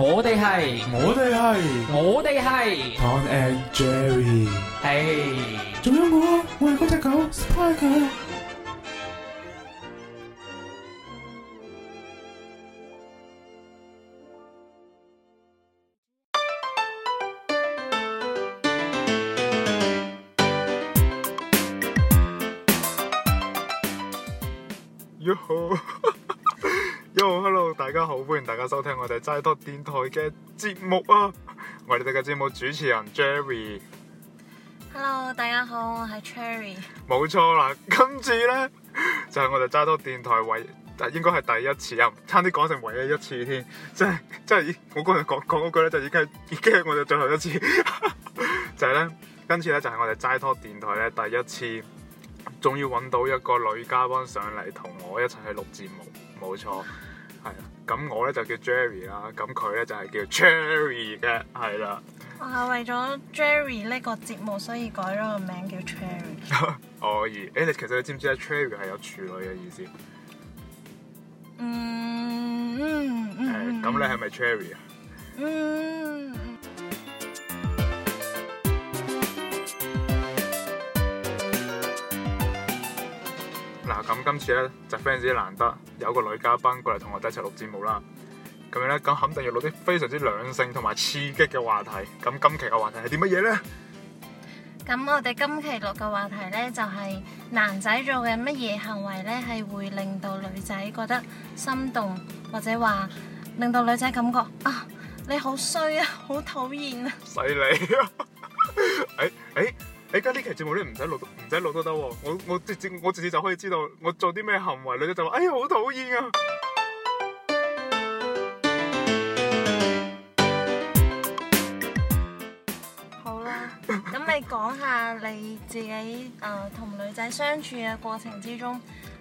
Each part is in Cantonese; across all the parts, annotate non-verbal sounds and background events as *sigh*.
我哋係，我哋係，我哋係。Tom and Jerry，係。仲有我，我係嗰隻狗，Spy 狗。大家收聽我哋齋 talk 電台嘅節目啊！我哋嘅節目主持人 Jerry。Hello，大家好，我係 Cherry，冇錯啦。今次咧就係、是、我哋齋 talk 電台唯，應該係第一次啊，差啲講成唯一一次添。即係即係我剛才講講嗰句咧，就已經已經係我哋最後一次。 *laughs* 就係咧，今次咧就係、是、我哋齋 talk 電台咧第一次，仲要搵到一個女嘉賓上嚟同我一齊去錄節目，冇錯。咁、嗯、我咧就叫 Jerry 啦，咁佢咧就係叫 Cherry 嘅，係啦。我係為咗 Jerry 呢個節目，所以改咗個名叫 Cherry。可 *laughs* 以，誒、欸，你其實你知唔知啊？Cherry 係有處女嘅意思。嗯嗯嗯。咁你係咪 Cherry 啊？嗯。嗯嗯欸嗱，咁今次咧就非常之難得有個女嘉賓過嚟同我哋一齊錄節目啦。咁樣咧，咁肯定要錄啲非常之兩性同埋刺激嘅話題。咁今期嘅話題係啲乜嘢咧？咁我哋今期錄嘅話題咧，就係男仔做嘅乜嘢行為咧，係會令到女仔覺得心動，或者話令到女仔感覺啊你好衰啊，好討厭啊！使你、 *laughs* 哎？哎哎！誒，而家呢期節目咧唔使錄，唔使錄都得。我我直接我直接就可以知道我做啲咩行為，女仔就話哎呀好討厭啊！好啦，咁你講下你自己誒同女仔相處嘅過程之中，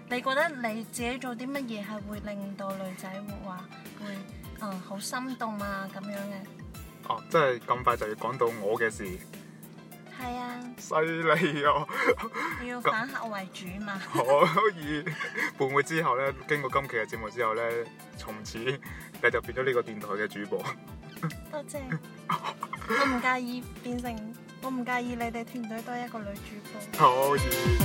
你覺得你自己做啲乜嘢係會令到女仔會話會誒好心動啊咁樣嘅？哦，即係咁快就要講到我嘅事。係啊，犀利啊！ *laughs* 你要反客為主嘛？可 *laughs* 以，半會之後咧，經過今期嘅節目之後咧，從此你就變咗呢個電台嘅主播。 *laughs* 多謝， *laughs* 我唔介意變成，我唔介意你哋團隊多一個女主播。好似意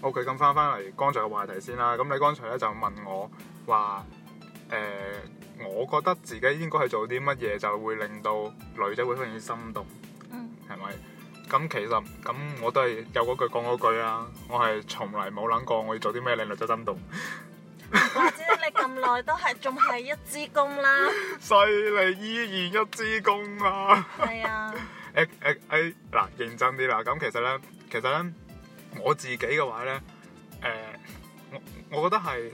*music* OK，咁翻翻嚟剛才嘅話題先啦。咁你剛才咧就問我話誒。我覺得自己應該係做啲乜嘢就會令到女仔會非常之心動，嗯，係咪？咁其實咁我都係有嗰句講嗰句啊，我係從嚟冇諗過我要做啲咩令女仔心動。或者你咁耐都係仲係一支公啦，犀利依然一支公啊！係啊！誒誒誒，嗱認真啲啦，咁其實咧，其實咧我自己嘅話咧，誒，我我覺得係。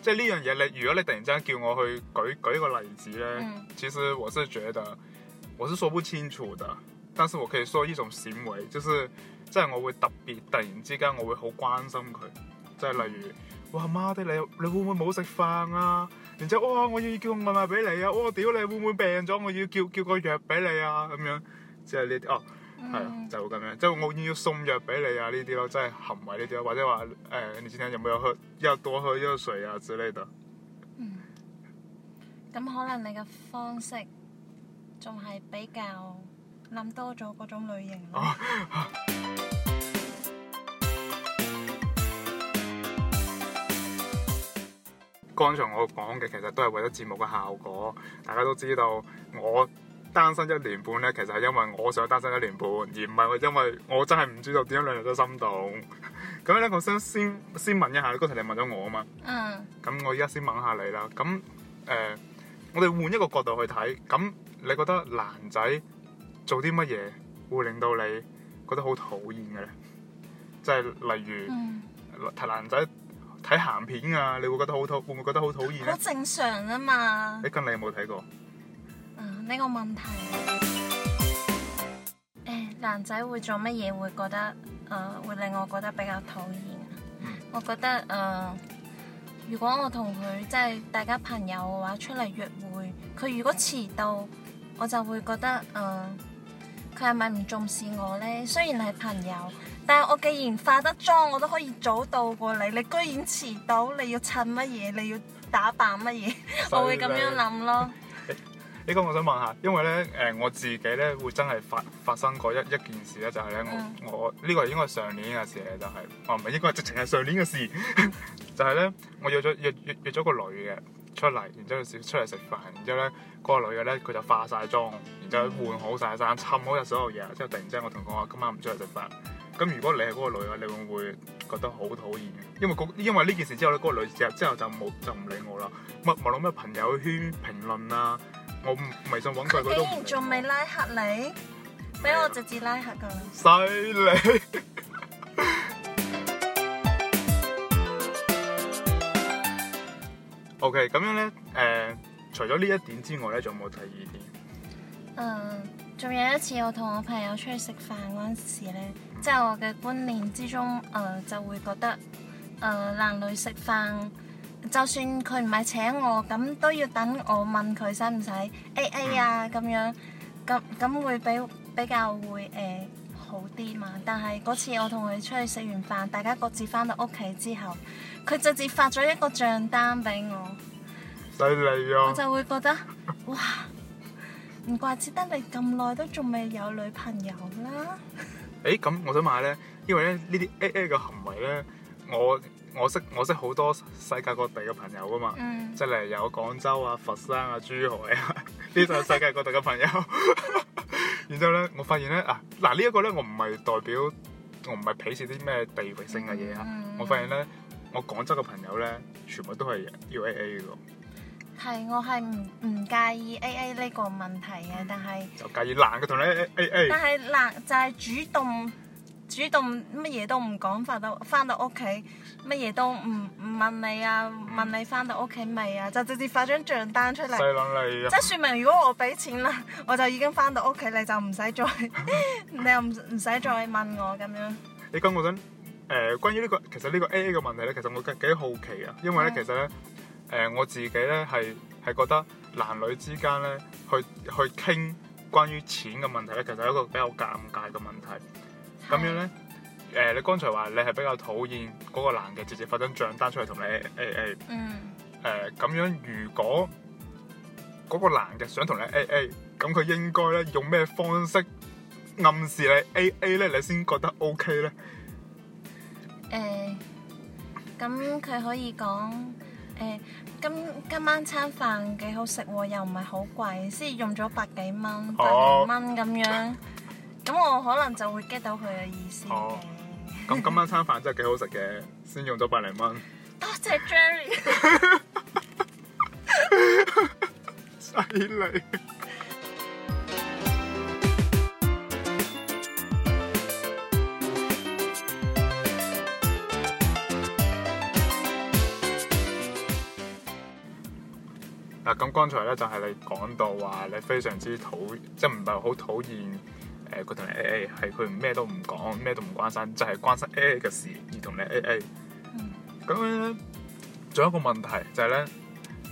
即係呢樣嘢，你如果你突然之間叫我去舉舉一個例子咧，嗯、其實我是覺得我是說不清楚的，但是我可以說一種閃回，就是即係我會特別突然之間，我會好關心佢，即係例如，哇媽的，你你，你會唔會冇食飯啊？然之後，哇，我要叫外賣俾你啊！我屌你會唔會病咗？我要叫個、啊哦、會會我要叫，叫個藥俾你啊！咁樣，即係呢啲哦。係、 *noise* 啊，就咁樣，即係我願意要送藥俾你啊呢啲咯，即、就、係、是、行為呢啲，或者話誒、欸，你今天有冇有喝，要多喝，熱水啊之類嘅。 *coughs* 嗯，咁可能你嘅方式仲係比較諗多咗嗰種類型咯。剛才我講嘅其實都係為咗節目嘅效果，大家都知道我。單身一年半咧，其實係因為我想單身一年半，而唔係我因為我真係唔知道點樣兩日都心動。咁 *laughs* 咧，我想先先問一下，你，嗰題你問咗我啊嘛？嗯。咁我而家先問下你啦。咁誒、呃，我哋換一個角度去睇，咁你覺得男仔做啲乜嘢會令到你覺得好討厭嘅咧？即 *laughs* 係例如，睇、嗯、男仔睇鹹片啊，你會覺得好討，會唔會覺得好討厭咧？好正常啊嘛。你近嚟有冇睇過？呢個問題，誒、哎，男仔會做乜嘢，會覺得誒、呃、會令我覺得比較討厭？我覺得誒、呃，如果我同佢即係大家朋友嘅話，出嚟約會，佢如果遲到，我就會覺得誒，佢係咪唔重視我呢？雖然係朋友，但係我既然化得妝，我都可以早到過你，你居然遲到，你要襯乜嘢？你要打扮乜嘢？的 *laughs* 我會咁樣諗咯。 *laughs* 呢個我想問下，因為咧誒、呃、我自己咧會真係發發生過一一件事咧，就係咧我我呢、呢個應該係上年嘅事嘅，就係我唔係應該係直情係上年嘅事，就係、係、咧、哦、 *laughs* 我約咗約約約咗個女嘅出嚟，然之後食出嚟食飯，然之後咧嗰、嗰個女嘅咧佢就化晒妝，然之後換好晒衫，襯好晒所有嘢，之後突然之間我同佢講話今晚唔出去食飯。咁如果你係嗰個女嘅，你會唔會覺得好討厭？因為因為呢件事之後咧，嗰、嗰個女之後就冇就唔理我啦，冇冇冇乜朋友圈評論啊～我唔微信搵佢，竟然仲未拉黑你，俾 Yeah. 我直接拉黑噶。犀利厲害笑、okay。O K，咁樣咧，誒，除咗呢一點之外咧，仲有冇第二點？誒、呃，仲有一次我同我朋友出去食飯嗰陣時咧，即、就、係、是、我嘅觀念之中，誒、呃、就會覺得誒、呃、男女食飯。就算佢唔係請我，咁都要等我問佢使唔使 AA 啊，咁樣，咁咁會比比較會誒好啲嘛。但係嗰次我同佢出去食完飯，大家各自翻到屋企之後，佢直接發咗一個賬單俾我，犀利啊！我就會覺得，哇！唔怪之得你咁耐都仲未有女朋友啦。誒，咁我想問咧，因為咧呢啲 AA 嘅行為咧，我。我識我識好多世界各地嘅朋友噶嘛，嗯、即係例如有廣州啊、佛山啊、珠海啊呢啲世界各地嘅朋友。 *laughs* *laughs* 然之後咧，我發現咧啊，嗱、這個、呢一個咧，我唔係代表我唔係鄙視啲咩地域性嘅嘢啊。嗯、我發現咧，我廣州嘅朋友咧，全部都係要 AA 嘅。係，我係唔唔介意 AA 呢個問題嘅，但係就介意男嘅同你 AA，但係男就係、是、主動。主動乜嘢都唔講，發到翻到屋企乜嘢都唔唔問你啊，問你翻到屋企未啊？就直接發張賬單出嚟，即係説明如果我俾錢啦，我就已經翻到屋企，你就唔使再 *laughs* 你又唔唔使再問我咁樣。你咁我想誒、呃，關於呢、呢個其實呢個 A A 嘅問題咧，其實我幾好奇啊，因為咧的其實咧誒、呃、我自己咧係係覺得男女之間咧去去傾關於錢嘅問題咧，其實係一個比較尷尬嘅問題。咁樣咧，誒，你剛才話你係比較討厭嗰個男嘅直接發張帳單出嚟同你 A A，誒咁樣，如果嗰個男嘅想同你 A A，咁佢應該咧用咩方式暗示你 A A 咧，你先覺得 O K 咧？誒，咁佢可以講誒，今今晚餐飯幾好食喎，又唔係好貴，先用咗百幾蚊、百幾蚊咁樣。咁 *noise* 我可能就會 get 到佢嘅意思。好，咁今晚餐飯真係幾好食嘅， *laughs* 先用咗百零蚊。多 *noise* 謝，謝 Jerry。犀利。嗱，咁剛才咧就係、是、你講到話，你非常之討，即係唔係好討厭。佢同你 A A 係佢咩都唔講，咩都唔關心，就係、是、關心 A A 嘅事而同你 A A。咁樣咧，仲有一個問題，就係、是、咧，誒、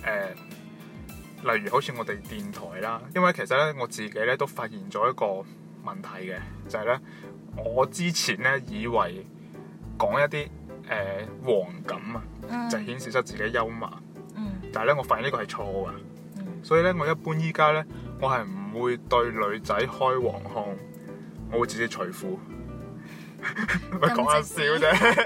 呃，例如好似我哋電台啦，因為其實咧我自己咧都發現咗一個問題嘅，就係、是、咧，我之前咧以為講一啲誒、呃、黃感啊，嗯、就顯示出自己幽默，嗯、但係咧我發現呢個係錯噶，嗯、所以咧我一般依家咧我係唔會對女仔開黃腔。我會自己除褲，咪講笑啫不是。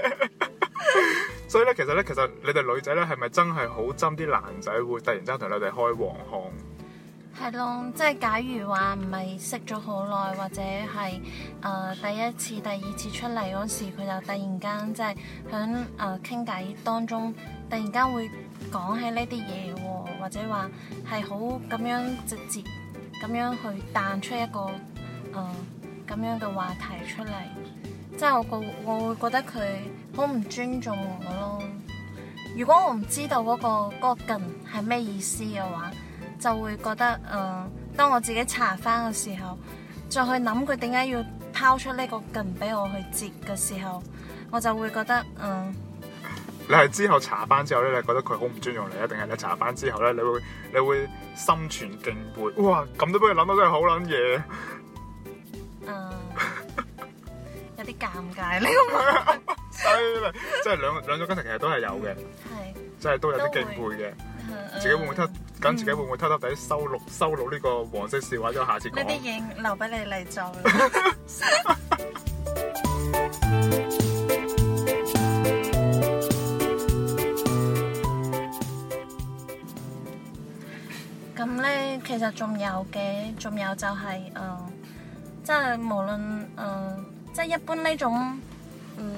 所以咧，其實咧，其實你哋女仔咧，係咪真係好憎啲男仔會突然間同你哋開黃腔，係咯，即係假如話唔係識咗好耐，或者係誒、呃、第一次、第二次出嚟嗰時，佢就突然間即係響誒傾偈當中，突然間會講起呢啲嘢，或者話係好咁樣直接咁樣去彈出一個誒。呃咁樣嘅話題出嚟，即係我覺我會覺得佢好唔尊重我咯。如果我唔知道嗰、那個嗰梗係咩意思嘅話，就會覺得誒、呃，當我自己查翻嘅時候，再去諗佢點解要拋出呢個梗俾我去接嘅時候，我就會覺得誒。呃、你係之後查翻之後咧，你覺得佢好唔尊重你啊？定係你查翻之後咧，你會你會心存敬佩？哇！咁都俾你諗到真係好捻嘢。啲尷尬，你咁樣，衰嘞！即係兩兩種家庭，其實都係有嘅，即係都有啲敬佩嘅，自己會唔會偷咁？自己會唔會偷偷哋收錄收錄呢個黃色笑話，再下次講？呢啲嘢留俾你嚟做。咁咧，其實仲有嘅，仲有就係，誒，即係無論誒。即係一般呢種，嗯，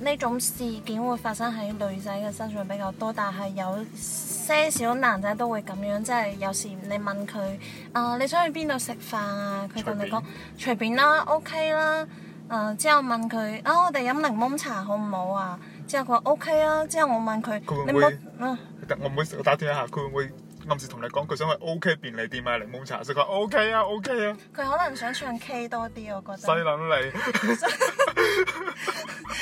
呢種事件會發生喺女仔嘅身上比較多，但係有些少男仔都會咁樣，即係有時你問佢，啊、呃，你想去邊度食飯啊？佢同你講，隨便，便啦，OK 啦，誒、呃、之後問佢，啊我哋飲檸檬茶好唔好啊？之後佢話 OK 啊，之後我問佢，你會唔會？嗯，我唔會，我打斷一下佢會唔會？嗯嗯嗯暗示同你講佢想去 OK 便利店啊，檸檬茶食，佢 O K 啊 O K 啊。佢、OK 啊、可能想唱 K 多啲，我覺得。犀撚你。 *laughs*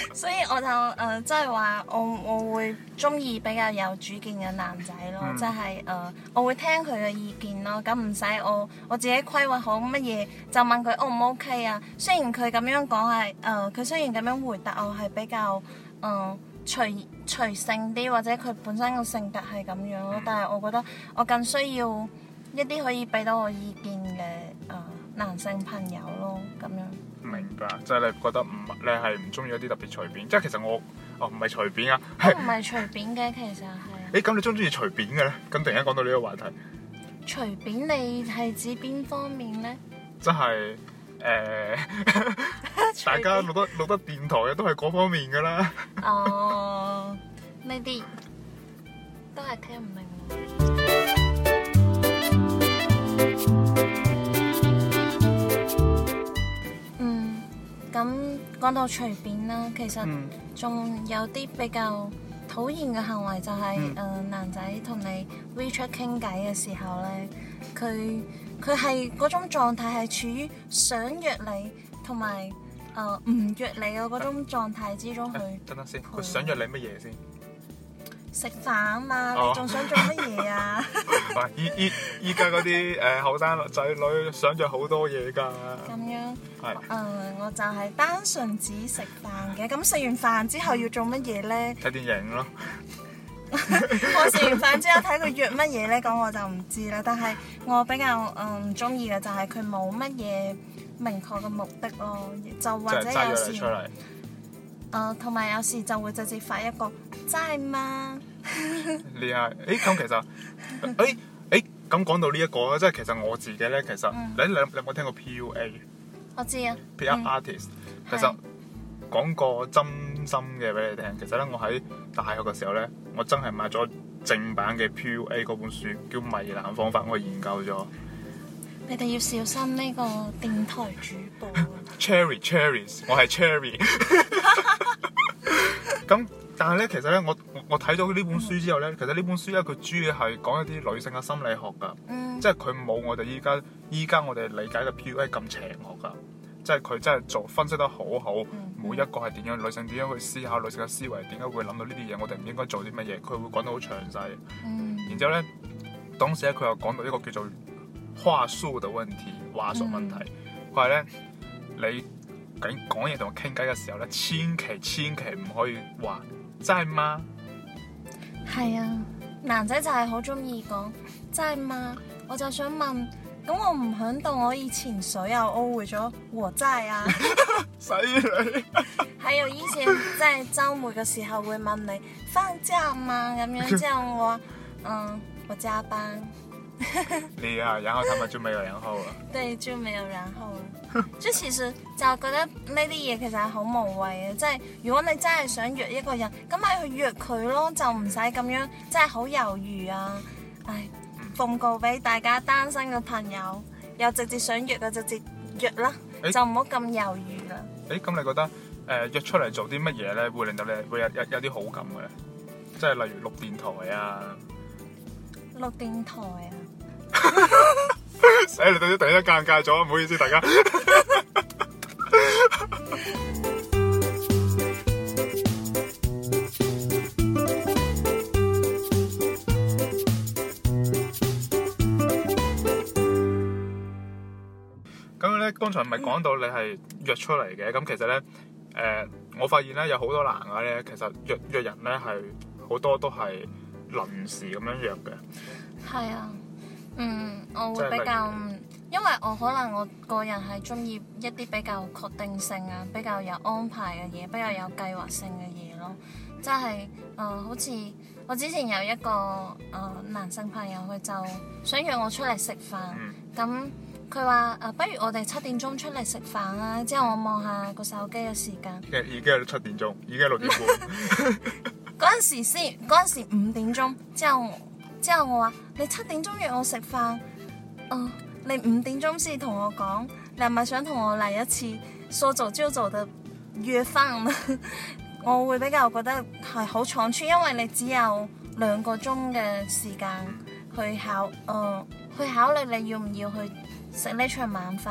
*laughs* 所以我就誒，即係話我我會中意比較有主見嘅男仔咯，即係誒，我會聽佢嘅意見咯。咁唔使我我自己規劃好乜嘢，就問佢 O 唔 O K 啊？雖然佢咁樣講係誒，佢、呃、雖然咁樣回答我係比較誒、呃、隨。隨性啲，或者佢本身個性格係咁樣咯。嗯、但係我覺得我更需要一啲可以俾到我意見嘅誒、呃、男性朋友咯，咁樣。明白，即、就、係、是、你覺得唔，你係唔中意一啲特別隨便。即係其實我哦唔係隨便啊，係唔係隨便嘅？其實係。誒、欸，咁你中唔中意隨便嘅咧？咁突然間講到呢個話題。隨便，你係指邊方面咧？即係誒。呃 *laughs* 大家錄得錄得電台啊，都係嗰方面噶啦。哦、 *laughs* uh,，呢啲都係聽唔明。 *music* 嗯，咁講到隨便啦,其實仲、嗯、有啲比較討厭嘅行為就係、是、誒、嗯呃、男仔同你 WeChat 傾偈嘅時候咧，佢佢係嗰種狀態係處於想約你同埋。誒，唔、呃、約你嘅嗰種狀態之中去、欸，等等先，佢想約你乜嘢先？食飯啊嘛，你仲想做乜嘢啊？依依依家嗰啲誒後生仔女想約好多嘢噶、啊。咁樣係，誒是、呃，我就係單純只食飯嘅。咁食完飯之後要做乜嘢咧？睇電影咯。 *laughs* 我食完飯之後睇佢約乜嘢咧，咁我就唔知啦。但係我比較誒唔中意嘅就係佢冇乜嘢。明確嘅目的咯，就或者有時，誒，同埋、呃、有時就會直接發一個真係嘛？嗎 *laughs* 你啊，誒咁其實，誒誒咁講到呢、這、一個，即係其實我自己咧，其實、嗯、你你，你有冇聽過 PUA？我知啊，PUA Artist，、嗯、其實講個是真心嘅俾你聽。其實咧，我喺大學嘅時候咧，我真係買咗正版嘅 PUA 嗰本書，叫《迷男方法》，我研究咗。你哋要小心呢個電台主播 *laughs* Ch erry, Ch erry, c h e r r y c h e r r y 我係 Cherry。咁 *laughs* *laughs* 但係咧，其實咧，我我睇到呢本書之後咧，其實呢本書咧，佢主要係講一啲女性嘅心理學噶、嗯，即係佢冇我哋依家依家我哋理解嘅 PUA 咁邪惡噶，即係佢真係做分析得好好，嗯、每一個係點樣女性點樣去思考，女性嘅思維，點解會諗到呢啲嘢，我哋唔應該做啲乜嘢，佢會講得好詳細。嗯、然之後咧，當時咧，佢又講到一個叫做。話術嘅問題，話術問題，佢係咧，你講講嘢同我傾偈嘅時候咧，千祈千祈唔可以話真係嗎？係啊，男仔就係好中意講真係嗎？我就想問，咁我唔響度。我以前所有誤會咗我真啊？犀利！還有以前即係周末嘅時候會問你放假嘛？」嗎？咁樣之後我？嗯，我加班。 *laughs* 你啊，然後他咪就沒有然後啦。 *laughs* 對，就沒有然後啦。即係 *laughs* 其實就覺得呢啲嘢其實係好無謂嘅，即、就、係、係、如果你真係想約一個人，咁咪去約佢咯，就唔使咁樣真係好猶豫啊！唉，奉告俾大家單身嘅朋友，又直接想約嘅就直接約啦，欸、就唔好咁猶豫啦。誒、欸，咁你覺得誒、呃、約出嚟做啲乜嘢咧，會令到你會有有啲好感嘅？即係例如錄電台啊，錄電台啊。使、 *laughs* 哎、你到咗突然間尷尬咗，唔好意思，大家。咁 *laughs* 咧，剛 *music* 才咪講到你係約出嚟嘅，咁、mm。其實咧，誒、呃，我發現咧有好多男嘅咧，其實約約人咧係好多都係臨時咁樣約嘅。係 *music* 啊。嗯，我會比較，因為我可能我個人係中意一啲比較確定性啊，比較有安排嘅嘢，比較有計劃性嘅嘢咯。即係誒，好似我之前有一個誒、呃、男性朋友，佢就想約我出嚟食飯。咁佢話誒，不如我哋七點鐘出嚟食飯啦。之後我望下個手機嘅時間，已經係七點鐘，已經係六點半。嗰 *laughs* 陣 *laughs* 時先，嗰陣時五點鐘，之後。之後我話你七點鐘約我食飯，哦，你五點鐘先同我講、呃，你係咪想同我嚟一次？塑造朝早就約翻， *laughs* 我會比較覺得係好倉促，因為你只有兩個鐘嘅時間去考，誒、呃，去考慮你要唔要去食呢場晚飯，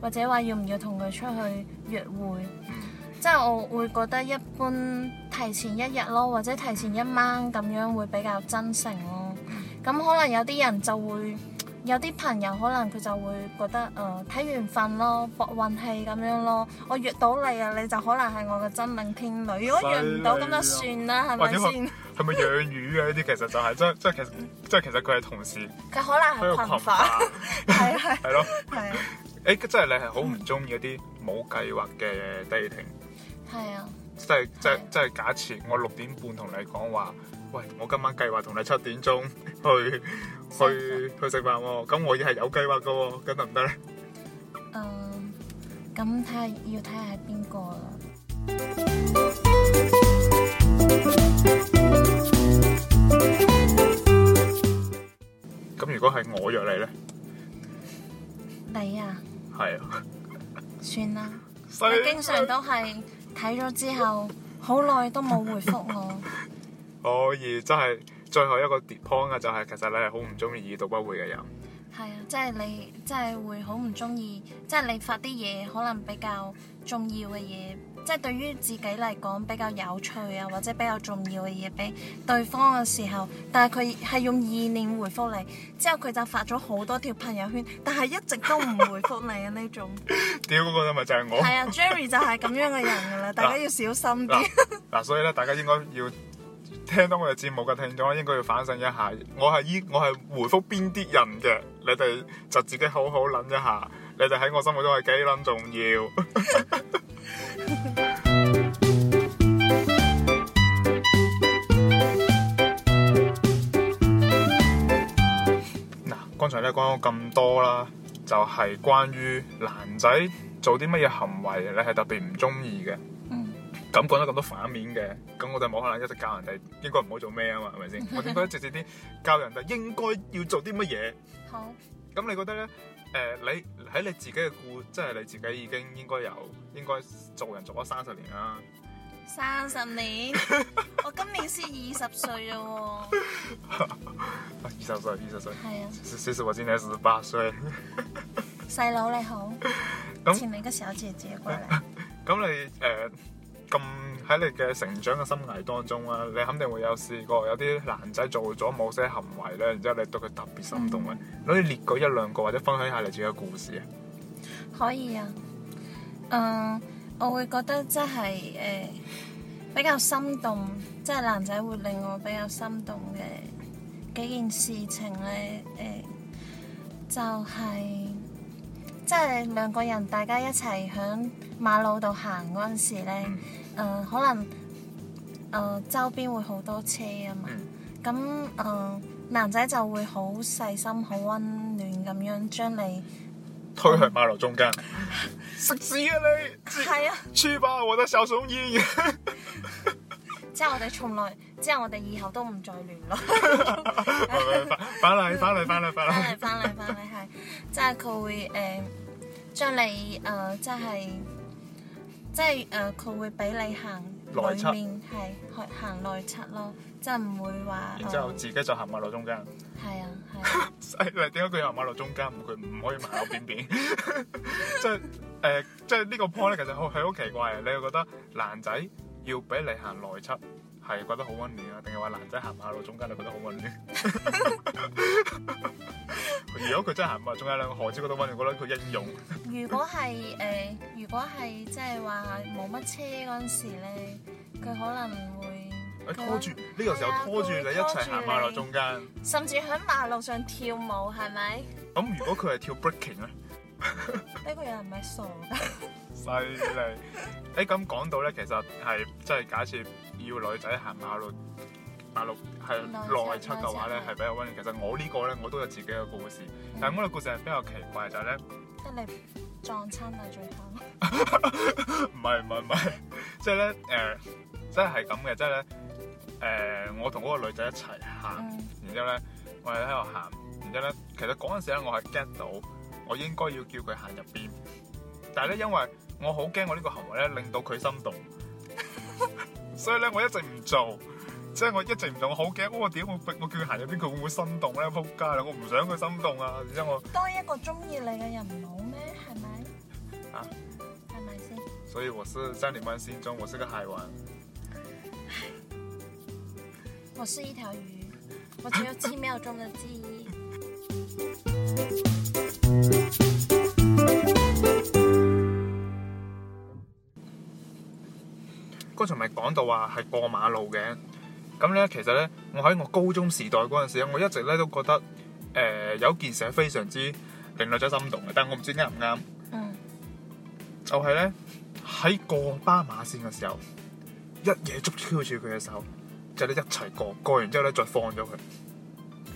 或者話要唔要同佢出去約會。即係我會覺得一般提前一日咯，或者提前一晚咁樣會比較真誠咯。咁可能有啲人就會有啲朋友，可能佢就會覺得誒睇緣分咯，搏運氣咁樣咯。我約到你啊，你就可能係我嘅真命天女。如果約唔到咁，就算啦，係咪先？係咪養魚啊？呢啲其實就係即係即係其實即係其實佢係同事，佢可能喺個羣發係係係咯。誒，即係你係好唔中意一啲冇計劃嘅 dating 係啊，即係即係即係假設我六點半同你講話。喂，我今晚計劃同你七點鐘去去去食飯喎，咁我亦係有計劃噶，咁得唔得咧？嗯，咁睇下要睇下係邊個啦。咁如果係我約你咧？你啊？係啊。算啦，我經常都係睇咗之後，好耐都冇回覆我。可以，哦、真係最後一個跌 point 啊！就係其實你係好唔中意已讀不回嘅人。係啊，即係你，即係會好唔中意，即係你發啲嘢可能比較重要嘅嘢，即係對於自己嚟講比較有趣啊，或者比較重要嘅嘢俾對方嘅時候，但係佢係用意念回復你，之後佢就發咗好多條朋友圈，但係一直都唔回復你啊呢 *laughs* 種。屌嗰 *laughs* 個咪就係我。係啊，Jerry 就係咁樣嘅人噶啦， *laughs* 大家要小心啲。嗱、啊啊啊，所以咧，大家應該要。 *laughs* *laughs* 聽到我哋節目嘅聽眾，應該要反省一下我，我係依我係回覆邊啲人嘅？你哋就自己好好諗一下，你哋喺我心目中係幾撚重要？嗱， *laughs* *laughs* 剛才咧講咗咁多啦，就係、是、關於男仔做啲乜嘢行為，你係特別唔中意嘅。咁講得咁多反面嘅，咁我就冇可能一直教人哋應該唔好做咩啊嘛，係咪先？ *laughs* 我點解直接啲教人哋應該要做啲乜嘢？好。咁你覺得咧？誒、呃，你喺你自己嘅故，即係你自己已經應該有應該做人做咗三十年啦。三十年， *laughs* 我今年先二十歲啫喎。二十 *laughs* *laughs* 歲，二十歲。係啊，小叔我今年十八歲。細 *laughs* 佬你好，請你個小姐姐過嚟。咁 *laughs* 你誒？呃咁喺你嘅成長嘅生涯當中啊，你肯定會有試過有啲男仔做咗某些行為咧，然之後你對佢特別心動啊，嗯，可以列過一兩個或者分享下你自己嘅故事啊？可以啊，嗯，我會覺得即係誒比較心動，即係男仔會令我比較心動嘅幾件事情咧，誒就係。即係兩個人，大家一齊響馬路度行嗰陣時咧，誒、嗯呃，可能誒、呃、周邊會好多車啊嘛，咁誒、嗯呃、男仔就會好細心、好溫暖咁樣將你推去馬路中間，食屎啊你！係啊，去吧我的小雄鷹！ *laughs* 即係我哋從來。之後，我哋以後都唔再聯絡呵呵。 *laughs* 翻嚟，翻嚟，翻嚟， *laughs* 翻嚟，翻嚟， *laughs* 翻嚟，翻嚟係，即係佢會誒將你誒即係即係誒，佢會俾你行內側，係去行內側咯，即係唔會話。然之後自己就行馬路中間，嗯。係中間 啊，係、啊。 *laughs* 誒點解佢行馬路中間？佢唔可以馬路邊邊，即係誒，即係呢個 point 咧，其實係好奇怪啊！你又覺得男仔要俾你行內側？係覺得好溫暖啊，定係話男仔行馬路中間就覺得好溫暖。 *laughs* *laughs* 如果佢真係行埋中間兩個何子覺得溫暖，覺得佢英勇。如果係誒，如果係即係話冇乜車嗰陣時咧，佢可能會拖住呢個時候拖住你一齊行馬路中間，甚至喺馬路上跳舞係咪？咁、嗯、如果佢係跳 breaking 咧，呢 *laughs* 個又唔係傻。 *laughs* 犀利！哎，咁、欸、講到咧，其實係即係假設要女仔行馬路，馬路係內側嘅話咧，係生比較危險。其實我個呢個咧，我都有自己嘅故事，嗯、但係我嘅故事係比較奇怪，就係、是、咧，即係你撞親啊最後。唔係唔係唔係，即係咧，誒，即係係咁嘅，即係咧，誒、就是就是呃，我同嗰個女仔一齊行、嗯，然之後咧，我哋喺度行，然之後咧，其實嗰陣時咧，我係 get 到我應該要叫佢行入邊，但係咧，因為我好驚我個呢個行為咧令到佢心動， *laughs* 所以咧我一直唔做，即係我一直唔做，我好驚、哦，我點我我叫佢行入邊，佢會唔會心動咧？仆街啦，我唔想佢心動啊！而且我多一個中意你嘅人唔好咩？係咪？啊，係咪先？所以我是在你們心中我是個海王， *laughs* 我是一條魚，我只有七秒鐘的記憶。 *laughs* *laughs* 剛才咪講到話係過馬路嘅，咁咧其實咧，我喺我高中時代嗰陣時咧，我一直咧都覺得，誒、呃、有件事係非常之令女仔心動嘅，但係我唔知啱唔啱。嗯。就係咧喺過斑馬線嘅時候，一嘢捉住住佢嘅手，就係你一齊過，過完之後咧再放咗佢。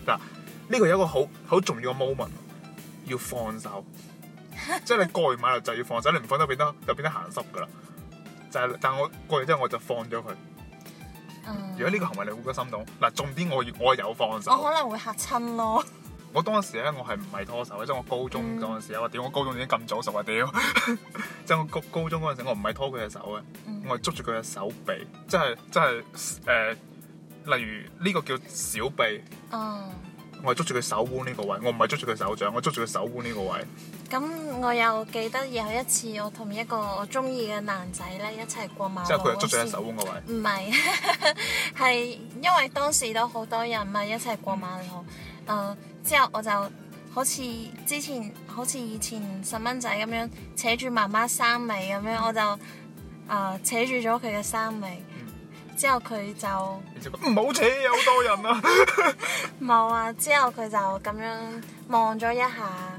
嗱，呢個有一個好好重要嘅 moment，要放手，即係 *laughs* 你過完馬路就要放手，你唔放手變得就變咗鹹濕噶啦。但係，但我過完之後我就放咗佢。嗯、如果呢個行為你會覺得心動，嗱，重點我我有放手。我可能會嚇親咯。我當時咧，我係唔係拖手？即、就是、我高中嗰陣時啊，我屌、嗯，我高中已經咁早熟啊屌。即 *laughs* 我高高中嗰陣時我，嗯、我唔係拖佢嘅手嘅，我係捉住佢嘅手臂。即係即係誒，例如呢個叫小臂。嗯。我係捉住佢手腕呢個位，我唔係捉住佢手掌，我係捉住佢手腕呢個位。咁、嗯、我又記得有一次，我同一個我中意嘅男仔咧一齊過馬路。即係佢係捉住佢手腕個位。唔係，係 *laughs* 因為當時都好多人嘛，一齊過馬路。誒、呃，之後我就好似之前，好似以前細蚊仔咁樣扯住媽媽衫尾咁樣，我就誒、呃、扯住咗佢嘅衫尾。之後佢就唔好扯，有多人啊 *laughs* ，冇 *laughs* 啊。之後佢就咁樣望咗一下，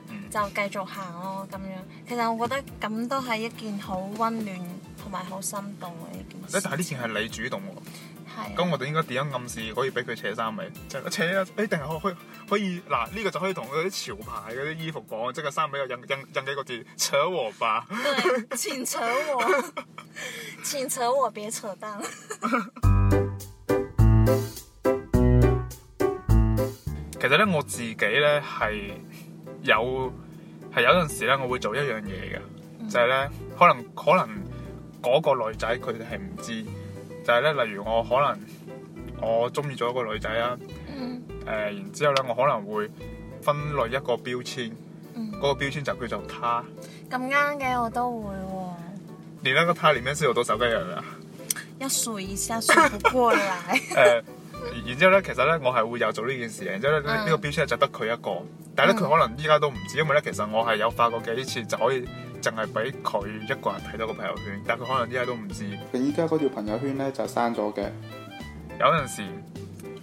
嗯、就繼續行咯。咁樣，其實我覺得咁都係一件好溫暖同埋好心動嘅一件事。但係呢件係你主動喎。咁我哋應該點樣暗示可以俾佢扯衫尾？就係、扯啊！誒、欸，定係可可可以嗱？呢、呢個就可以同嗰啲潮牌嗰啲衣服講，即係衫尾有印印印幾個字，扯和吧。對，請扯我， *laughs* 請扯我，請扯我，別扯蛋。 *laughs* 其實咧，我自己咧係有係有陣時咧，我會做一樣嘢嘅，就係、係、咧，可能可能嗰個女仔佢哋係唔知。就係咧，例如我可能我中意咗一個女仔嗯，誒、呃、然之後咧，我可能會分類一個標籤，嗰、嗯、個標籤就叫做她。咁啱嘅我都會、哦。你一個她裡面是有多少個人啊？一數一下，數唔過嚟。誒、 *laughs* 呃，然之後咧，其實咧，我係會有做呢件事， *laughs* 然之後咧，呢、這個標籤就得佢一個，嗯、但係咧佢可能依家都唔知，因為咧，其實我係有發過幾次，就可以。淨係俾佢一個人睇到個朋友圈，但佢可能依家都唔知。佢依家嗰條朋友圈咧就刪咗嘅。有陣時，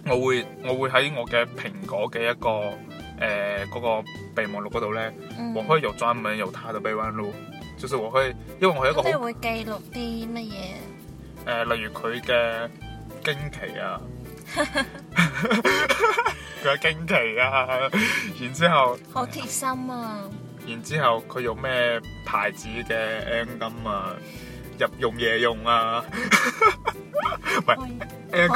我會我會喺我嘅蘋果嘅一個誒嗰、呃嗰個備忘錄嗰度咧，我可以有專門有睇到備忘錄，ops，就是我可以因為我係一個即係會記錄啲乜嘢？誒、呃，例如佢嘅驚奇啊，佢 *laughs* 嘅驚奇啊， *laughs* 然之後好、哎呃、貼心啊！然之後佢用咩牌子嘅 M 金啊，日用夜用啊，唔係 M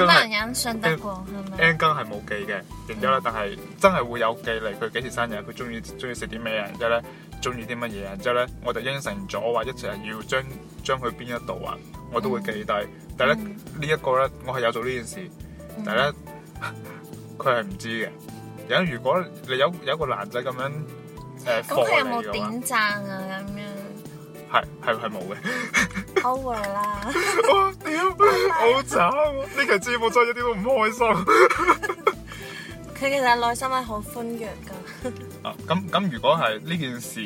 金，M 金係冇記嘅。嗯、然之後咧，但係真係會有記嚟。佢幾時生日？佢中意中意食啲咩啊？然之後咧，中意啲乜嘢啊？之後咧，我就應承咗話一陣要將將佢邊一度啊，我都會記低。嗯、但係咧呢一、嗯、個咧，我係有做呢件事，嗯、但係咧佢係唔知嘅。如果如果你有有一個男仔咁樣。咁佢有冇點贊啊？咁樣係係係冇嘅，over 啦！我屌，好慘，呢期節目真係一啲都唔開心。佢其實內心係好歡躍噶。啊，咁咁如果係呢件事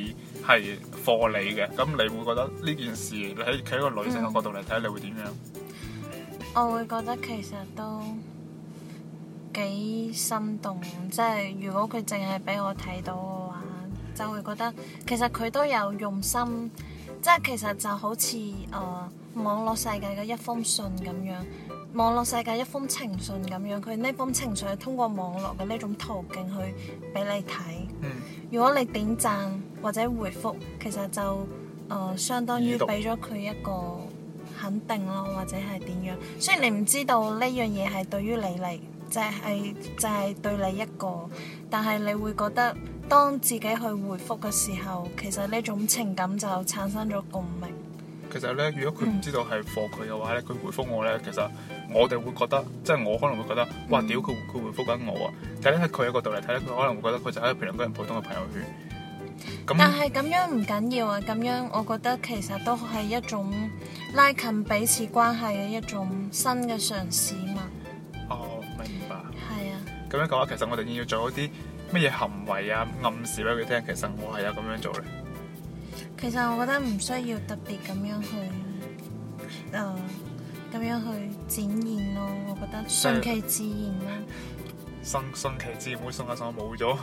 係貨你嘅，咁你會覺得呢件事企喺一個女性嘅角度嚟睇，你會點樣？我會覺得其實都幾心動，即係如果佢淨係俾我睇到。就會覺得其實佢都有用心，即係其實就好似誒網絡世界嘅一封信咁樣，網絡世界一封情信咁樣，佢呢封情信係通過網絡嘅呢種途徑去俾你睇。嗯，如果你點讚或者回復，其實就誒相當於俾咗佢一個肯定咯，或者係點樣。雖然你唔知道呢樣嘢係對於你嚟，就係就係對你一個，但係你會覺得。當自己去回覆嘅時候，其實呢種情感就產生咗共鳴。其實咧，如果佢唔知道係貨佢嘅話咧，佢、嗯、回覆我咧，其實我哋會覺得，即係我可能會覺得，哇屌佢佢回覆緊我啊！但係咧，佢喺角度嚟睇咧，佢可能會覺得佢就喺評論嗰人普通嘅朋友圈。咁但係咁樣唔緊要啊，咁樣我覺得其實都係一種拉近彼此關係嘅一種新嘅嘗試嘛。哦，明白。係啊。咁樣嘅話，其實我哋要做一啲。乜嘢行為啊，暗示俾佢聽，其實我係有咁樣做咧。其實我覺得唔需要特別咁樣去，啊、呃，咁樣去展現咯。我覺得順其自然啦、啊。信順其自然會送啊送冇咗，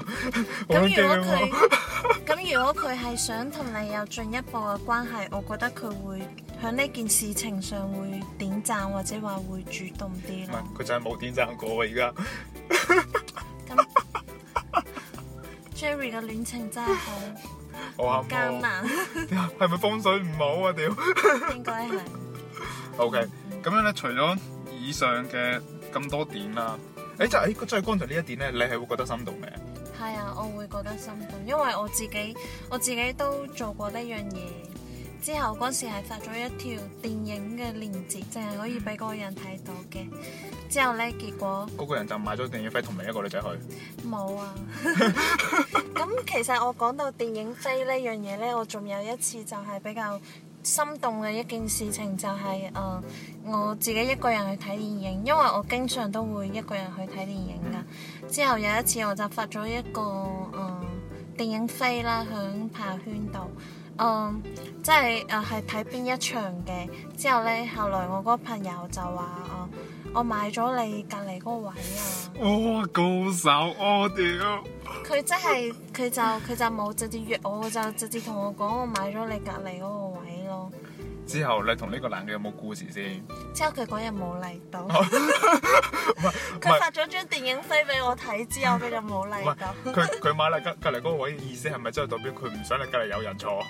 我咁、啊、 *laughs* 如果佢，咁 *laughs* 如果佢係想同你有進一步嘅關係，我覺得佢會喺呢件事情上會點讚或者話會主動啲。唔係，佢就係冇點讚過而、啊、家。 *laughs* *laughs* Jerry 嘅戀情真係 *laughs* 好好我艱難，係咪風水唔好啊？屌，應該係。OK，咁樣咧，除咗以上嘅咁多點啦、啊，誒、欸，就係最剛才呢一點咧，你係會覺得心動咩？係啊，我會覺得心動，因為我自己我自己都做過呢樣嘢。之後嗰時係發咗一條電影嘅鏈接，淨係可以俾嗰個人睇到嘅。之後呢，結果嗰個人就買咗電影飛同另一個女仔去。冇啊。咁 *laughs* *laughs* 其實我講到電影飛呢樣嘢呢，我仲有一次就係比較心動嘅一件事情，就係、是、誒、呃、我自己一個人去睇電影，因為我經常都會一個人去睇電影噶。嗯、之後有一次我就發咗一個誒、呃、電影飛啦，響朋友圈度。嗯，um, 即係誒，係睇邊一場嘅。之後咧，後來我嗰個朋友就話、呃，我我買咗你隔籬嗰個位啊。哇、哦，高手，我、哦、屌！佢真係佢就佢、是、就冇直接約我，就直接同我講我買咗你隔籬嗰個位咯。之後你同呢個男嘅有冇故事先？之後佢嗰日冇嚟到。 *laughs* 影飛俾我睇之後佢就冇嚟噶，佢佢買嚟隔隔籬嗰位，意思係咪真係代表佢唔想嚟，隔籬有人坐？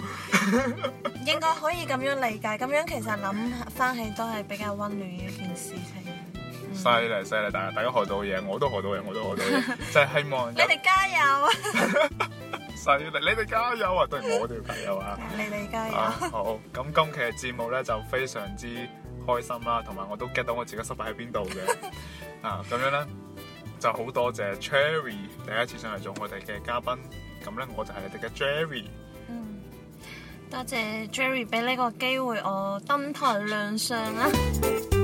應該可以咁樣理解，咁樣其實諗翻起都係比較溫暖嘅一件事情。犀利犀利，大大家學到嘢，我都學到嘢，我都學到嘢，就係希望你哋加油！犀利，你哋加油啊！對我都要加油啊！你哋加油啊！好，咁今期嘅節目咧就非常之開心啦，同埋我都 get 到我自己失敗喺邊度嘅啊，咁樣咧。就好多謝 Cherry 第一次上嚟做我哋嘅嘉賓，咁咧我就係你哋嘅 Cherry。嗯，多謝 Cherry 俾呢個機會我登台亮相啦，啊。